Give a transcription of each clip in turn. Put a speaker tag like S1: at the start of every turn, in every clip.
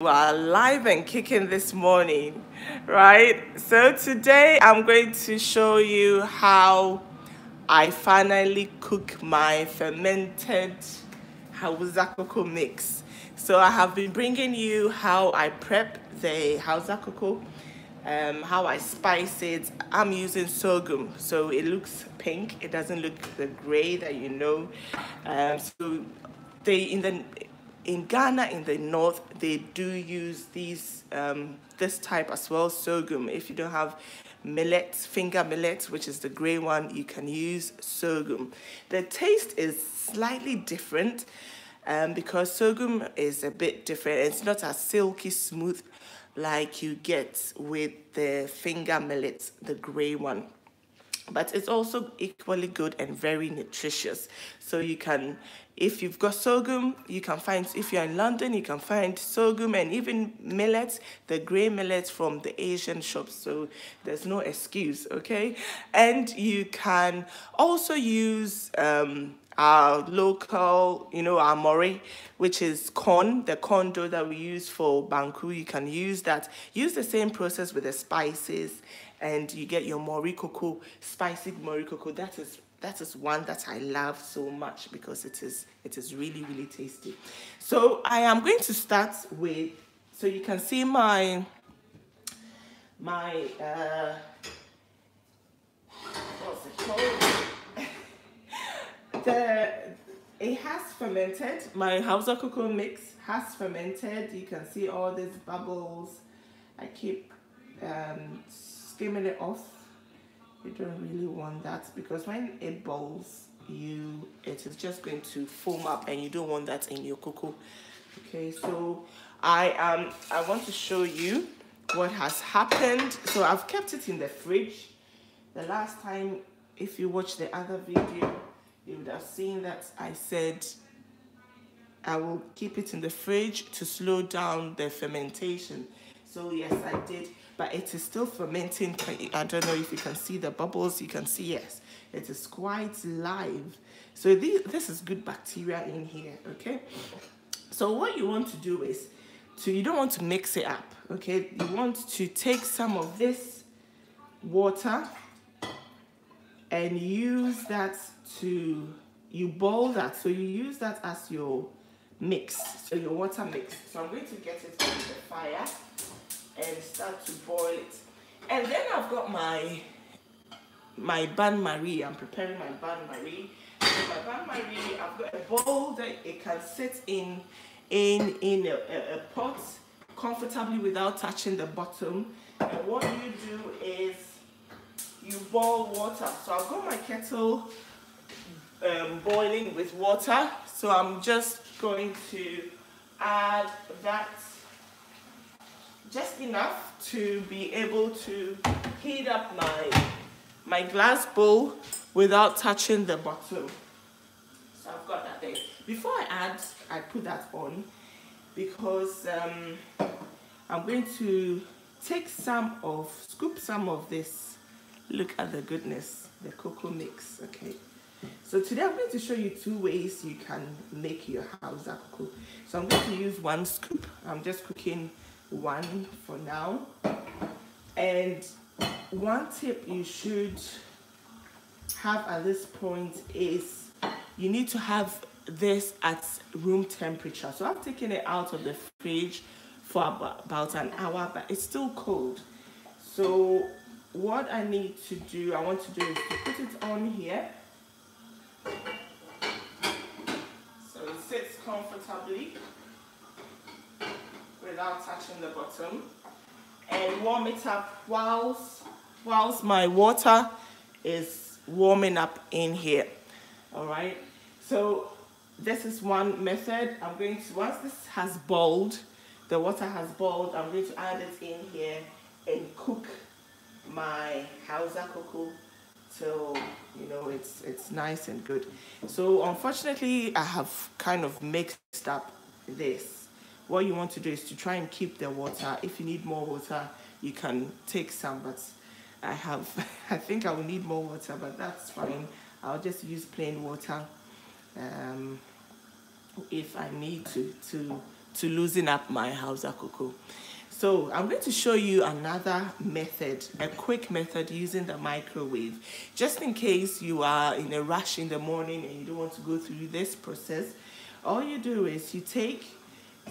S1: We're alive and kicking this morning, right? So today I'm going to show you how I finally cook my fermented Hausa cocoa mix. So I have been bringing you how I prep the Hausa cocoa, um, how I spice it. I'm using sorghum, so it looks pink. It doesn't look the gray that you know. Um, so they in the in Ghana, in the north, they do use these um, this type as well, sorghum. If you don't have millet, finger millet, which is the grey one, you can use sorghum. The taste is slightly different um, because sorghum is a bit different. It's not as silky smooth like you get with the finger millet, the grey one but it's also equally good and very nutritious. So you can, if you've got sorghum, you can find, if you're in London, you can find sorghum and even millets, the grey millets from the Asian shops. So there's no excuse, okay? And you can also use um, our local, you know, our mori, which is corn, the corn dough that we use for banku. You can use that. Use the same process with the spices and you get your morikoko, spicy morikoko. That is that is one that I love so much because it is it is really really tasty. So I am going to start with so you can see my my uh, what's it called? the it has fermented. My Hausa cocoa mix has fermented. You can see all these bubbles. I keep um, steaming it off. You don't really want that because when it boils, you it is just going to foam up and you don't want that in your cocoa. Okay, so I um I want to show you what has happened. So I've kept it in the fridge. The last time, if you watch the other video, you would have seen that I said I will keep it in the fridge to slow down the fermentation so yes I did but it is still fermenting I don't know if you can see the bubbles you can see yes it is quite live so this, this is good bacteria in here okay so what you want to do is to you don't want to mix it up okay you want to take some of this water and use that to you boil that so you use that as your mix so your water mix so i'm going to get it on the fire and start to boil it. And then I've got my my ban marie. I'm preparing my ban marie. So my bain marie, I've got a bowl that it can sit in in in a, a, a pot comfortably without touching the bottom. And what you do is you boil water. So I've got my kettle um, boiling with water. So I'm just going to add that just enough to be able to heat up my, my glass bowl without touching the bottom. So I've got that there. Before I add, I put that on because um, I'm going to take some of, scoop some of this. Look at the goodness, the cocoa mix, okay. So today I'm going to show you two ways you can make your house cocoa. So I'm going to use one scoop. I'm just cooking one for now and one tip you should have at this point is you need to have this at room temperature so i've taken it out of the fridge for about an hour but it's still cold so what i need to do i want to do is to put it on here so it sits comfortably without touching the bottom and warm it up whilst, whilst my water is warming up in here. All right, so this is one method. I'm going to, once this has boiled, the water has boiled, I'm going to add it in here and cook my Hausa cocoa till you know it's it's nice and good so unfortunately i have kind of mixed up this what you want to do is to try and keep the water. If you need more water, you can take some, but I have, I think I will need more water, but that's fine. I'll just use plain water um, if I need to, to, to loosen up my Hausa cocoa. So I'm going to show you another method, a quick method using the microwave. Just in case you are in a rush in the morning and you don't want to go through this process, all you do is you take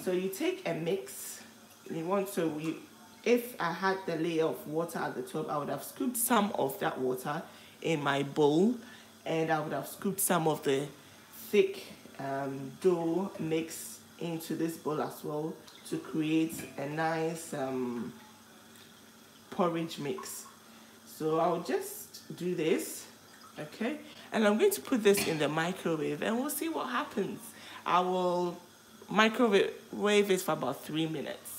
S1: so you take a mix. You want to, you, if I had the layer of water at the top, I would have scooped some of that water in my bowl and I would have scooped some of the thick um, dough mix into this bowl as well to create a nice um, porridge mix. So I'll just do this, okay? And I'm going to put this in the microwave and we'll see what happens. I will microwave it for about three minutes.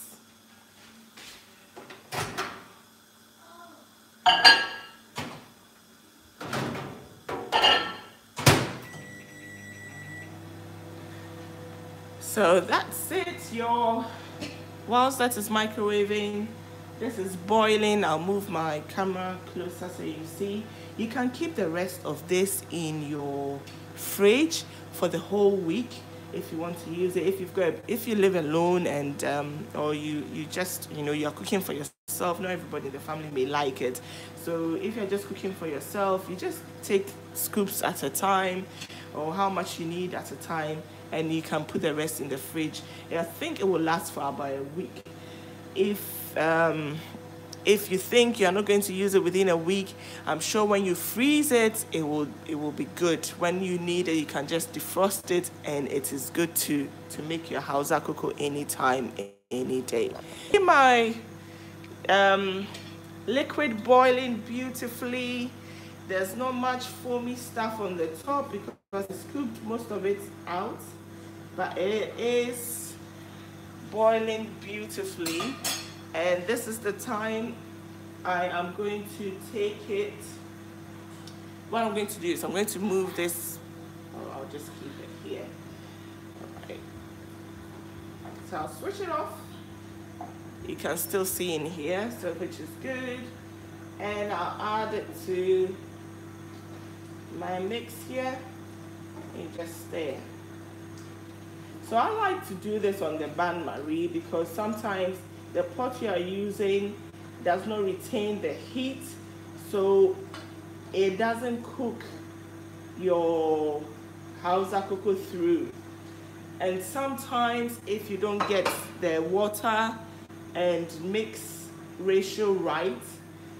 S1: So that's it, y'all. Whilst that is microwaving, this is boiling. I'll move my camera closer so you see. You can keep the rest of this in your fridge for the whole week if you want to use it. If you've got, if you live alone and um, or you you just you know you're cooking for yourself. Not everybody in the family may like it. So if you're just cooking for yourself, you just take scoops at a time, or how much you need at a time, and you can put the rest in the fridge. And I think it will last for about a week. If um, if you think you're not going to use it within a week, I'm sure when you freeze it, it will it will be good. When you need it, you can just defrost it and it is good to, to make your Hausa cocoa anytime, any day. In my um, liquid boiling beautifully. There's not much foamy stuff on the top because I scooped most of it out, but it is boiling beautifully and this is the time I am going to take it what I'm going to do is I'm going to move this oh, I'll just keep it here all right so I'll switch it off you can still see in here so which is good and I'll add it to my mix here and just there so I like to do this on the Bain Marie because sometimes the pot you are using does not retain the heat so it doesn't cook your Hausa cocoa through and sometimes if you don't get the water and mix ratio right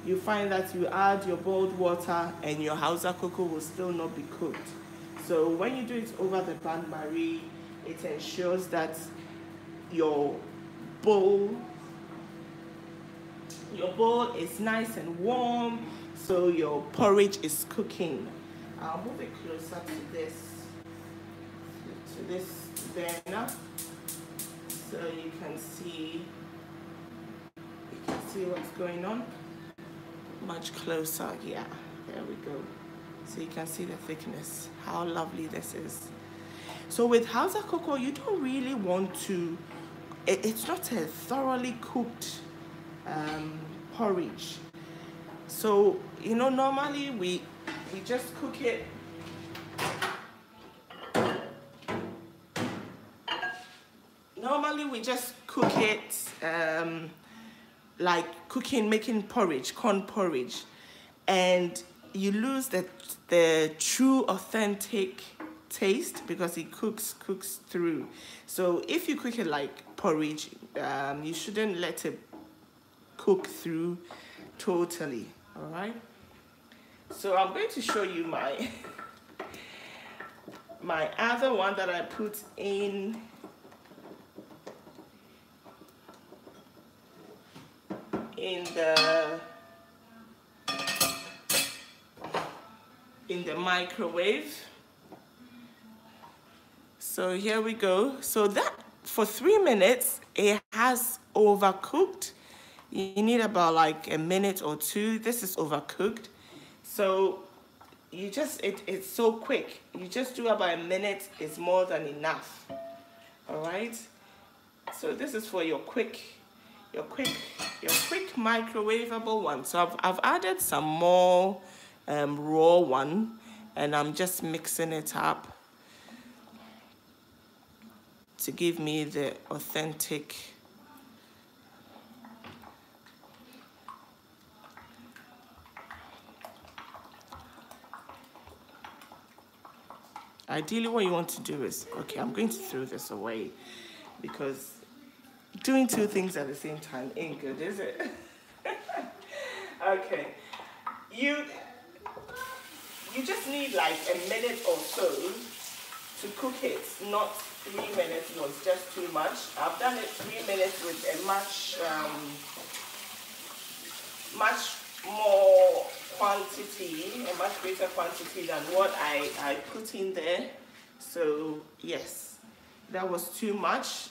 S1: you find that you add your boiled water and your Hausa cocoa will still not be cooked so when you do it over the pan marie it ensures that your bowl your bowl is nice and warm so your porridge is cooking I'll move it closer to this to this burner so you can see you can see what's going on much closer yeah there we go so you can see the thickness how lovely this is so with Hausa cocoa you don't really want to it, it's not a thoroughly cooked um, porridge. So, you know, normally we, we just cook it normally we just cook it um, like cooking, making porridge, corn porridge, and you lose the the true authentic taste because it cooks cooks through. So if you cook it like porridge, um, you shouldn't let it cook through totally, all right? So I'm going to show you my, my other one that I put in in the in the microwave so here we go so that for three minutes it has overcooked you need about like a minute or two. This is overcooked. So you just, it, it's so quick. You just do about a minute is more than enough. All right. So this is for your quick, your quick, your quick microwavable one. So I've, I've added some more um, raw one and I'm just mixing it up to give me the authentic ideally what you want to do is, okay, I'm going to throw this away because doing two things at the same time ain't good, is it? okay. You, you just need like a minute or so to cook it, not three minutes was just too much. I've done it three minutes with a much, um, much more quantity, a much greater quantity than what I, I put in there. So yes, that was too much.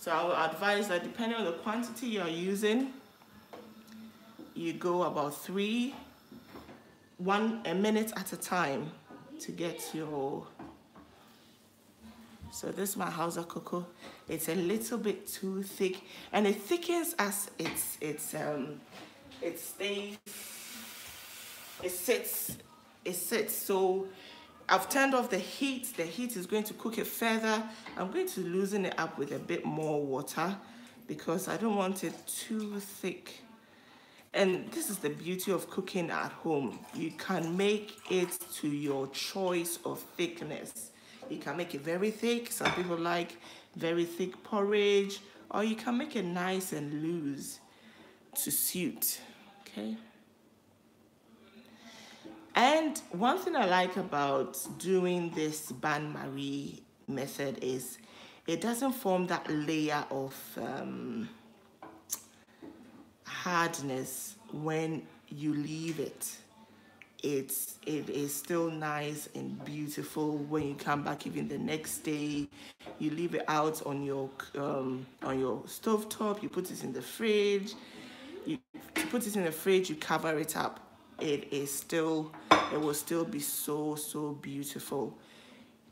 S1: So I would advise that depending on the quantity you're using, you go about three, one a minute at a time to get your, so this is my of cocoa. It's a little bit too thick and it thickens as it's, it's, um, it stays it sits it sits so I've turned off the heat the heat is going to cook it further I'm going to loosen it up with a bit more water because I don't want it too thick and this is the beauty of cooking at home you can make it to your choice of thickness you can make it very thick some people like very thick porridge or you can make it nice and loose to suit okay and one thing I like about doing this Ban Marie method is it doesn't form that layer of um, hardness when you leave it. It's, it is still nice and beautiful when you come back even the next day. You leave it out on your, um, on your stove top. you put it in the fridge. You, you put it in the fridge, you cover it up it is still it will still be so so beautiful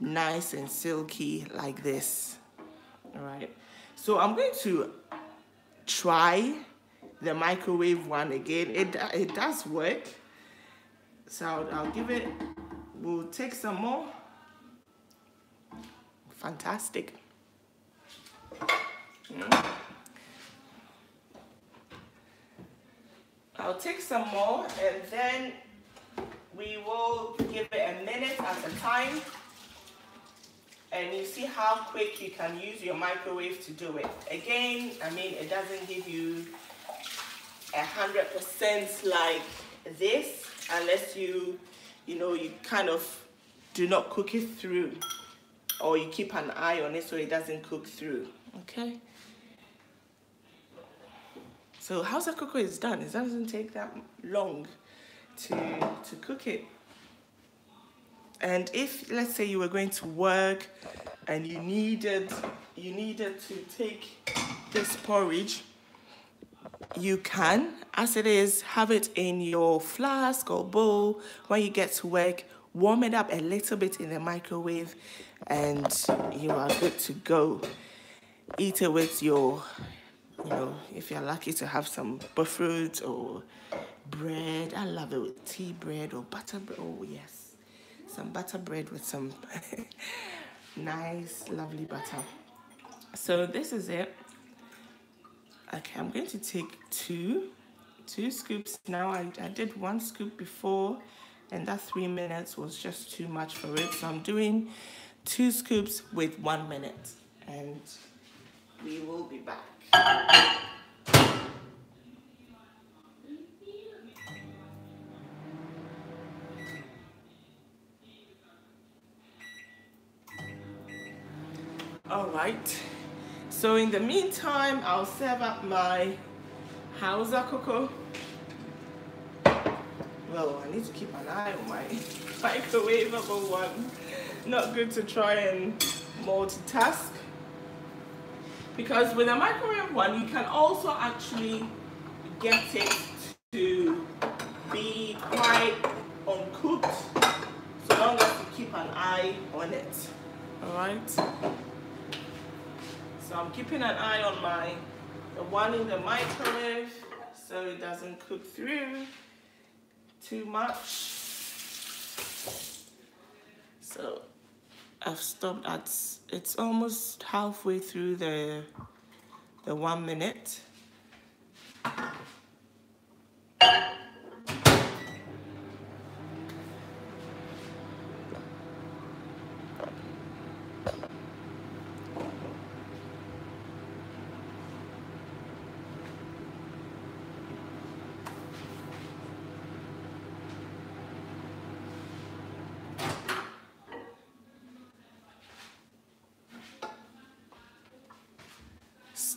S1: nice and silky like this all right so i'm going to try the microwave one again it it does work so I'll, I'll give it we'll take some more fantastic mm. I'll take some more and then we will give it a minute at a time and you see how quick you can use your microwave to do it. Again, I mean, it doesn't give you a hundred percent like this unless you, you know, you kind of do not cook it through or you keep an eye on it so it doesn't cook through, okay? So how's that cocoa is done? It doesn't take that long to, to cook it. And if, let's say you were going to work and you needed, you needed to take this porridge, you can, as it is, have it in your flask or bowl when you get to work. Warm it up a little bit in the microwave and you are good to go. Eat it with your you know, if you're lucky to have some buffet or bread, I love it with tea bread or butter bread. Oh, yes. Some butter bread with some nice, lovely butter. So this is it. Okay, I'm going to take two, two scoops now. I, I did one scoop before and that three minutes was just too much for it. So I'm doing two scoops with one minute and we will be back. All right. So in the meantime, I'll serve up my Hausa cocoa. Well, I need to keep an eye on my microwaveable number one. Not good to try and multitask. Because with a microwave one, you can also actually get it to be quite uncooked so long as you keep an eye on it. Alright? So I'm keeping an eye on my the one in the microwave so it doesn't cook through too much. So I've stopped at it's almost halfway through the the one minute.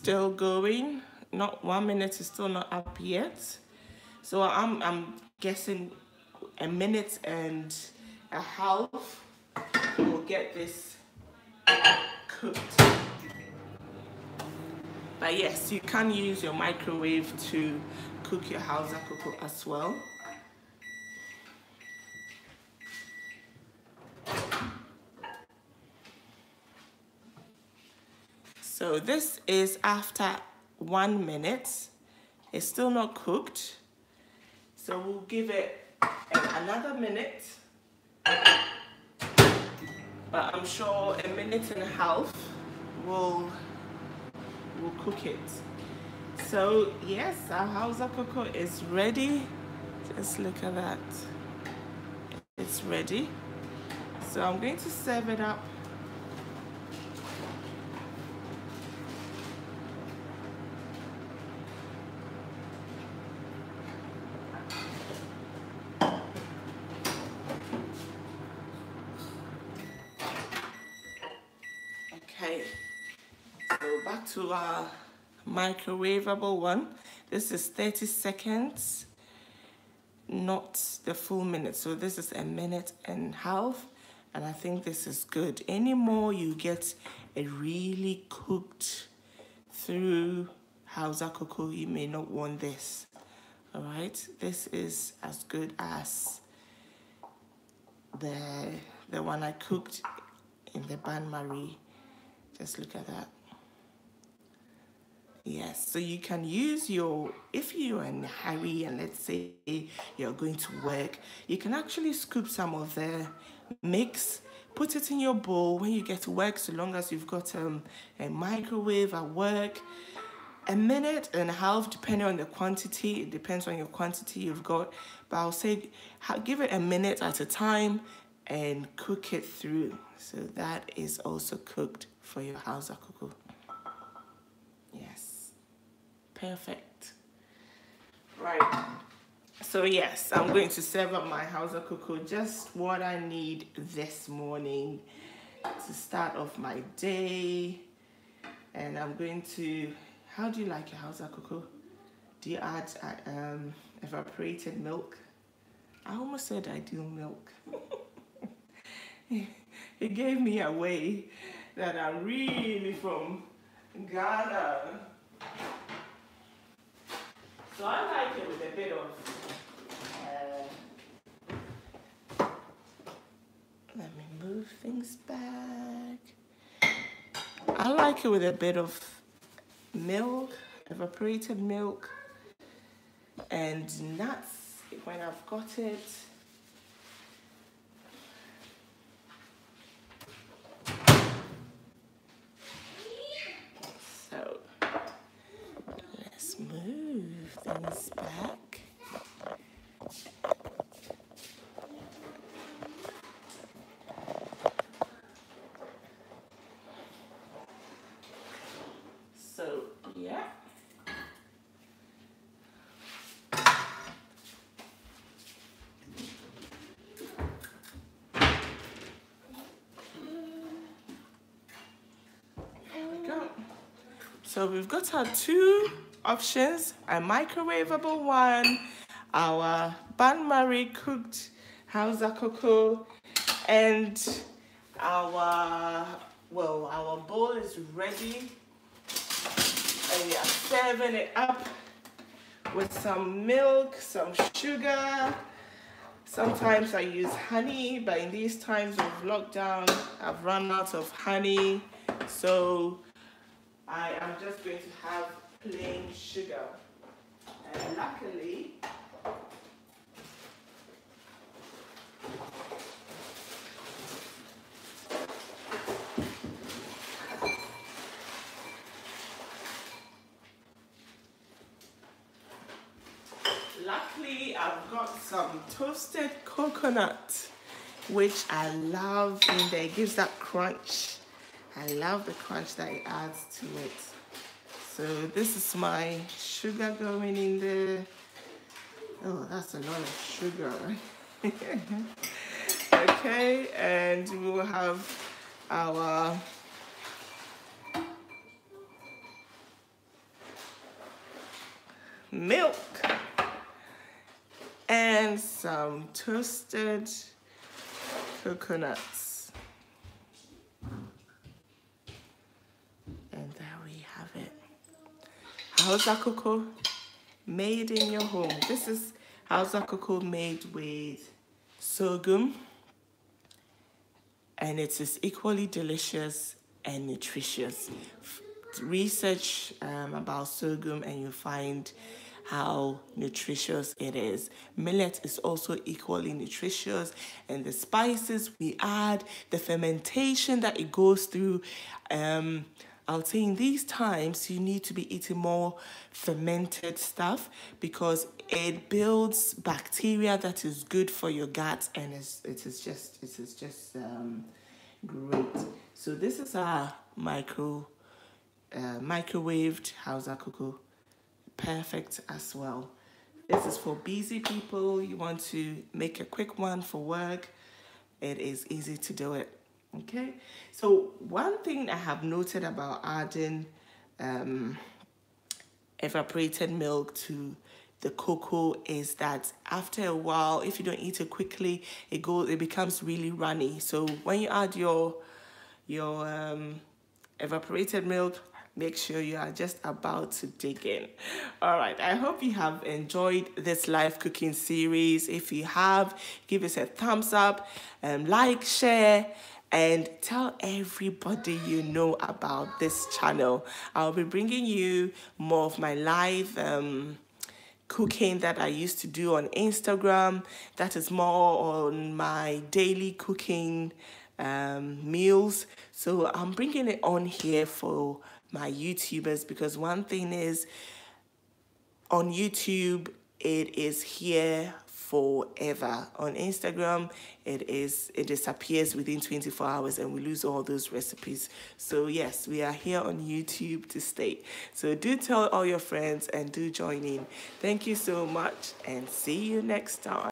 S1: still going. Not one minute is still not up yet. So I'm, I'm guessing a minute and a half will get this cooked. But yes, you can use your microwave to cook your house as well. So this is after one minute. It's still not cooked. So we'll give it another minute. But I'm sure a minute and a half will, will cook it. So yes, our Hausa cocoa is ready. Just look at that. It's ready. So I'm going to serve it up to our microwavable one. This is 30 seconds, not the full minute. So this is a minute and a half, and I think this is good. Any more, you get a really cooked through Hausa cocoa. You may not want this. All right, this is as good as the the one I cooked in the Ban Marie. Just look at that. Yes, so you can use your, if you are in a hurry and let's say you're going to work, you can actually scoop some of the mix, put it in your bowl when you get to work, so long as you've got um, a microwave at work. A minute and a half, depending on the quantity, it depends on your quantity you've got, but I'll say give it a minute at a time and cook it through. So that is also cooked for your house akuku perfect. Right. So yes, I'm going to serve up my house of cocoa, just what I need this morning to start off my day. And I'm going to, how do you like your house of cocoa? Do you add um, evaporated milk? I almost said I do milk. it gave me away that I'm really from Ghana. So I like it with a bit of. Uh, let me move things back. I like it with a bit of milk, evaporated milk, and nuts when I've got it. So we've got our two options, a microwavable one, our Ban Marie cooked Hausa cocoa, and our, well, our bowl is ready. And we are serving it up with some milk, some sugar. Sometimes I use honey, but in these times of lockdown, I've run out of honey. So I am just going to have plain sugar. And luckily, luckily I've got some toasted coconut which I love and it gives that crunch I love the crunch that it adds to it. So this is my sugar going in there. Oh, that's a lot of sugar. okay, and we will have our milk and some toasted coconuts. Hausa cocoa made in your home. This is Hausa cocoa made with sorghum and it is equally delicious and nutritious. Research um, about sorghum and you find how nutritious it is. Millet is also equally nutritious, and the spices we add, the fermentation that it goes through, um, I'll say in these times, you need to be eating more fermented stuff because it builds bacteria that is good for your gut and it's, it is just, it is just um, great. So this is our micro, uh, microwaved that, cocoa. Perfect as well. This is for busy people. You want to make a quick one for work. It is easy to do it okay so one thing i have noted about adding um, evaporated milk to the cocoa is that after a while if you don't eat it quickly it goes it becomes really runny so when you add your your um, evaporated milk make sure you are just about to dig in all right i hope you have enjoyed this live cooking series if you have give us a thumbs up um, like share and tell everybody you know about this channel. I'll be bringing you more of my live um, cooking that I used to do on Instagram. That is more on my daily cooking um, meals. So I'm bringing it on here for my YouTubers because one thing is on YouTube, it is here forever. On Instagram, it is it disappears within 24 hours and we lose all those recipes. So yes, we are here on YouTube to stay. So do tell all your friends and do join in. Thank you so much and see you next time.